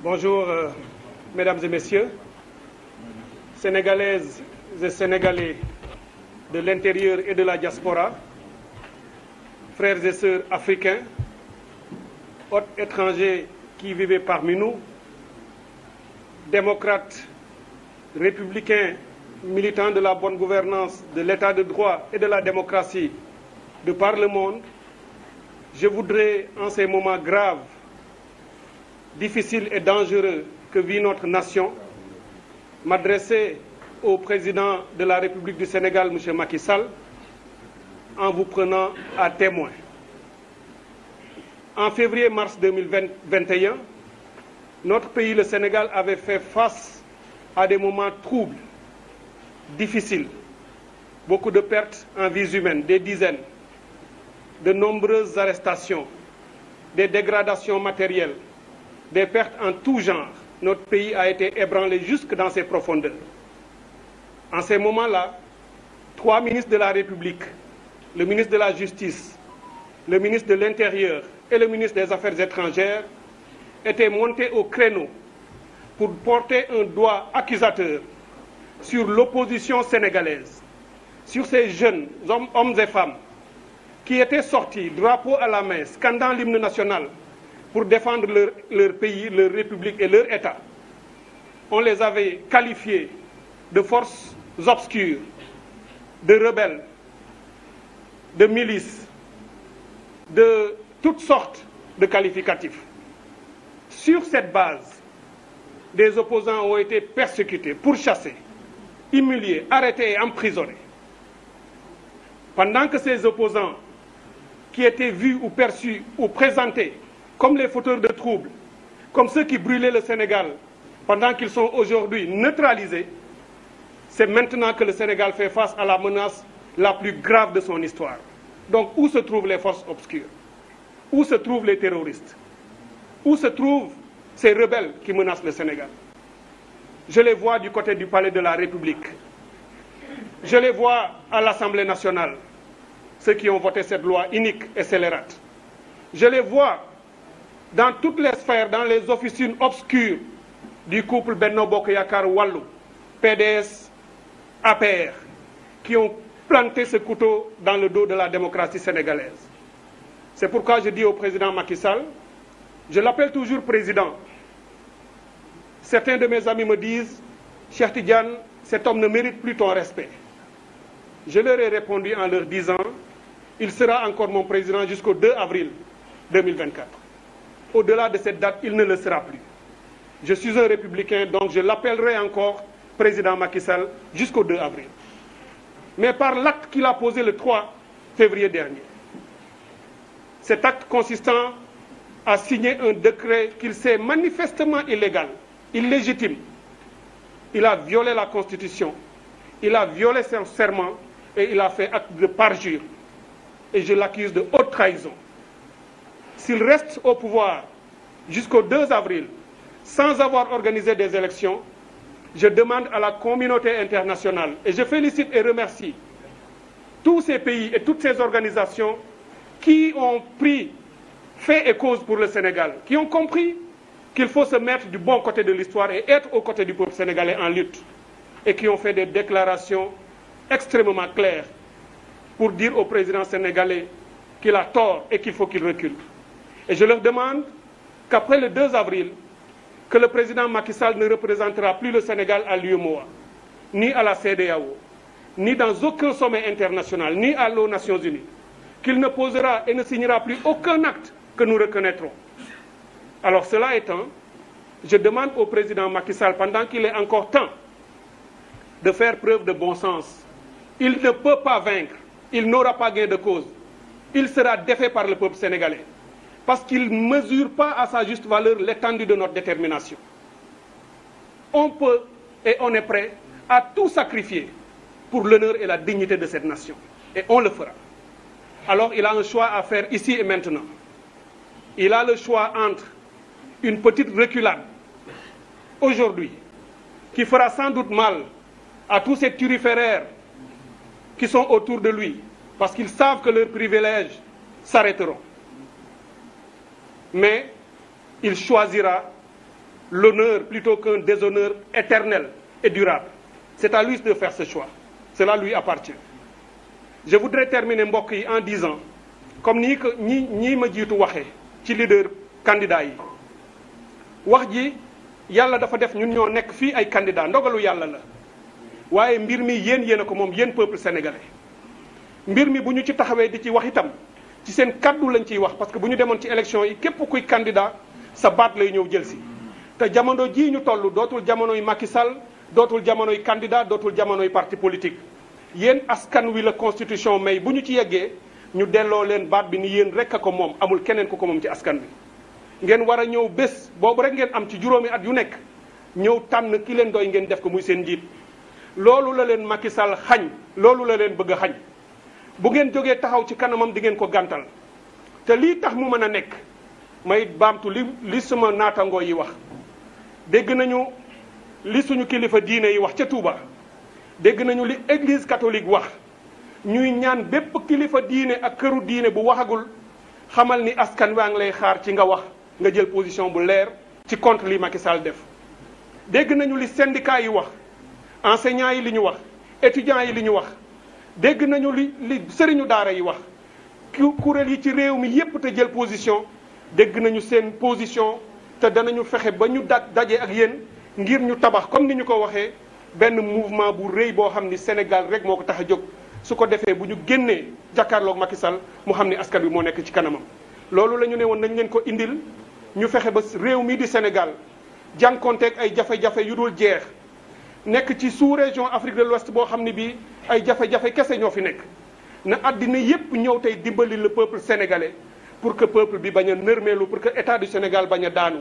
Bonjour, euh, mesdames et messieurs, Sénégalaises et Sénégalais de l'intérieur et de la diaspora, frères et sœurs africains, hôtes étrangers qui vivaient parmi nous, démocrates, républicains, militants de la bonne gouvernance, de l'état de droit et de la démocratie de par le monde, je voudrais, en ces moments graves, difficile et dangereux que vit notre nation, m'adresser au président de la République du Sénégal, M. Macky Sall, en vous prenant à témoin. En février-mars 2021, notre pays, le Sénégal, avait fait face à des moments troubles, difficiles, beaucoup de pertes en vies humaines, des dizaines, de nombreuses arrestations, des dégradations matérielles, des pertes en tout genre. Notre pays a été ébranlé jusque dans ses profondeurs. En ces moment là trois ministres de la République, le ministre de la Justice, le ministre de l'Intérieur et le ministre des Affaires étrangères étaient montés au créneau pour porter un doigt accusateur sur l'opposition sénégalaise, sur ces jeunes hommes et femmes qui étaient sortis, drapeau à la main, scandant l'hymne national, pour défendre leur, leur pays, leur république et leur État. On les avait qualifiés de forces obscures, de rebelles, de milices, de toutes sortes de qualificatifs. Sur cette base, des opposants ont été persécutés, pourchassés, humiliés, arrêtés et emprisonnés. Pendant que ces opposants, qui étaient vus ou perçus ou présentés comme les fauteurs de troubles, comme ceux qui brûlaient le Sénégal pendant qu'ils sont aujourd'hui neutralisés, c'est maintenant que le Sénégal fait face à la menace la plus grave de son histoire. Donc où se trouvent les forces obscures Où se trouvent les terroristes Où se trouvent ces rebelles qui menacent le Sénégal Je les vois du côté du palais de la République. Je les vois à l'Assemblée nationale, ceux qui ont voté cette loi unique et scélérate. Je les dans toutes les sphères dans les officines obscures du couple Benno Bokk Yaakaar Wallu PDS APR qui ont planté ce couteau dans le dos de la démocratie sénégalaise c'est pourquoi je dis président Macky Sall je l'appelle toujours président certains de mes amis me disent Cheikh Tidiane cet homme plus ton respect je leur ai répondu en leur disant il sera encore mon président jusqu'au 2 avril 2024 au-delà de cette date, il ne le sera plus. Je suis un républicain, donc je l'appellerai encore président Macky Sall jusqu'au 2 avril. Mais par l'acte qu'il a posé le 3 février dernier, cet acte consistant à signer un décret qu'il sait manifestement illégal, illégitime, il a violé la Constitution, il a violé son serment et il a fait acte de parjure. Et je l'accuse de haute trahison. s'il reste au pouvoir jusqu'au 2 avril sans avoir organisé des élections, je demande à la communauté internationale et je félicite et remercie tous ces pays et toutes ces organisations qui ont pris fait et cause pour le Sénégal, qui ont compris qu'il faut se mettre du bon côté de l'histoire et être aux côtés du peuple sénégalais en lutte, et qui ont fait des déclarations extrêmement claires pour dire au président sénégalais qu'il a tort et qu'il faut Et je leur demande qu'après le 2 avril, que le président Macky Sall ne représentera plus le Sénégal à l'UMOA, ni à la CDAO, ni dans aucun sommet international, ni à l'ONU Nations Unies, qu'il ne posera et ne signera plus aucun acte que nous reconnaîtrons. Alors cela étant, je demande au président Macky Sall, pendant qu'il est encore temps, de faire preuve de bon sens. Il ne peut pas vaincre, il n'aura pas gain de cause. Il sera défait par le peuple sénégalais. parce qu'il ne mesure pas à sa juste valeur l'étendue de notre détermination. On peut et on est prêt à tout sacrifier pour l'honneur et la dignité de cette nation. Et on le fera. Alors il a un choix à faire ici et maintenant. Il a le choix entre une petite reculade aujourd'hui qui fera sans doute mal à tous ces turiféraires qui sont autour de lui parce qu'ils savent que leurs privilèges s'arrêteront. mais il choisira l'honneur plutôt qu'un déshonneur éternel et durable. C'est à lui de faire ce choix. la lui appartient. Je voudrais terminer mbokk yi en disant comme nii ko ñi ñii ma jiitu waxee ci leader candidat yi wax ji yàlla dafa def ñun ñoo nekk fii ay candidat ndogalu yàlla la waaye mbir mi yéen yéen a ko moom yéen peuple sénégalais mbir mi bu ñu ci taxawee di ci wax itam ci seen kaddu lañ ciy wax parce que bu ñu demoon ci élection yi képp kuy candidat sa baat lay ñëw jël si. te jamono jii ñu toll dootul jamonoy Macky Sall dootul jamonoy candidat dootul jamonoy parti politique yéen askan wi la constitution may bu ñu ci yeggee ñu delloo leen baat bi ni yéen rek a ko moom amul keneen ku ko moom ci askan bi. ngeen war a ñëw bés boobu rek ngeen am ci juróomi at yu nekk ñëw tànn ki leen doy ngeen def ko muy seen njiit loolu la leen Macky Sall xañ loolu la leen bëgg a xañ. bu ngeen jógee taxaw ci kanamam di ngeen ko gàntal te lii tax mu mën a nekk may baamtu li li sama naatangoo yi wax dégg nañu li suñu kilifa diine yi wax ca Touba dégg nañu li église catholique wax ñuy ñaan bépp kilifa diine ak këru diine bu waxagul xamal ni askan waa ngi lay xaar ci nga wax nga jël position bu leer ci contre li Macky def dégg nañu li syndicat yi wax enseignants yi li ñu wax étudiants yi li ñu wax dégg nañu li li sëriñu daara yi wax kuréel yi ci réew mi yépp te jël position dégg nañu seen position te danañu fexe ba ñu da daje ak yéen ngir ñu tabax comme ni ñu ko waxee benn mouvement bu rëy boo xam ni Sénégal rek moo ko tax a jóg su ko defee bu ñu génnee jàkkaarloog Macky Sall mu xam ni askan bi moo nekk ci kanamam. loolu la ñu ne woon nañ leen ko indil ñu fexe ba réew mi di Sénégal jànkonteeg ay jafe-jafe yu dul jeex. nekk ci sous région Afrique de l'Ouest boo xam ne bii ay jafe-jafe kese ñoo fi nekk na àddina yépp ñëw tey dimbali la peuple sénégalais pour que peuple bi bañ a nërmeelu pour que état du Sénégal baña daanu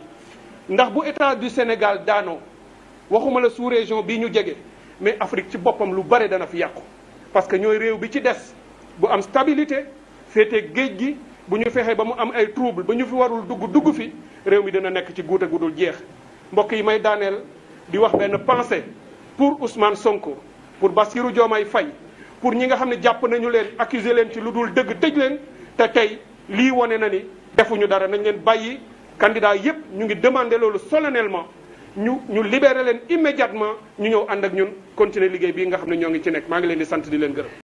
ndax bu état du Sénégal daanoo waxuma la sous région bii ñu jege mais Afrique ci boppam lu bare dana fi yàqu parce que ñooy réew bi ci des bu am stabilité féete géej gi bu ñu fexee ba mu am ay trouble ba ñu fi warul dugg dugg fi réew mi dina nekk ci guute gudul jeex mbokk yi may daaneel di wax benn pensée pour Ousmane Sonko pour Bassirou Diomaye Faye pour ñi nga xam ne jàpp nañu leen accuser leen ci lu dul dëgg tëj leen te tey lii wane na ni defuñu dara nañ leen bàyyi candidat yépp ñu ngi demander loolu solennellement ñu ñu libérer leen immédiatement ñu ñëw ànd ak ñun continuer liggéey bii nga xam ne ñoo ngi ci nekk maa ngi leen di sant di leen gërëm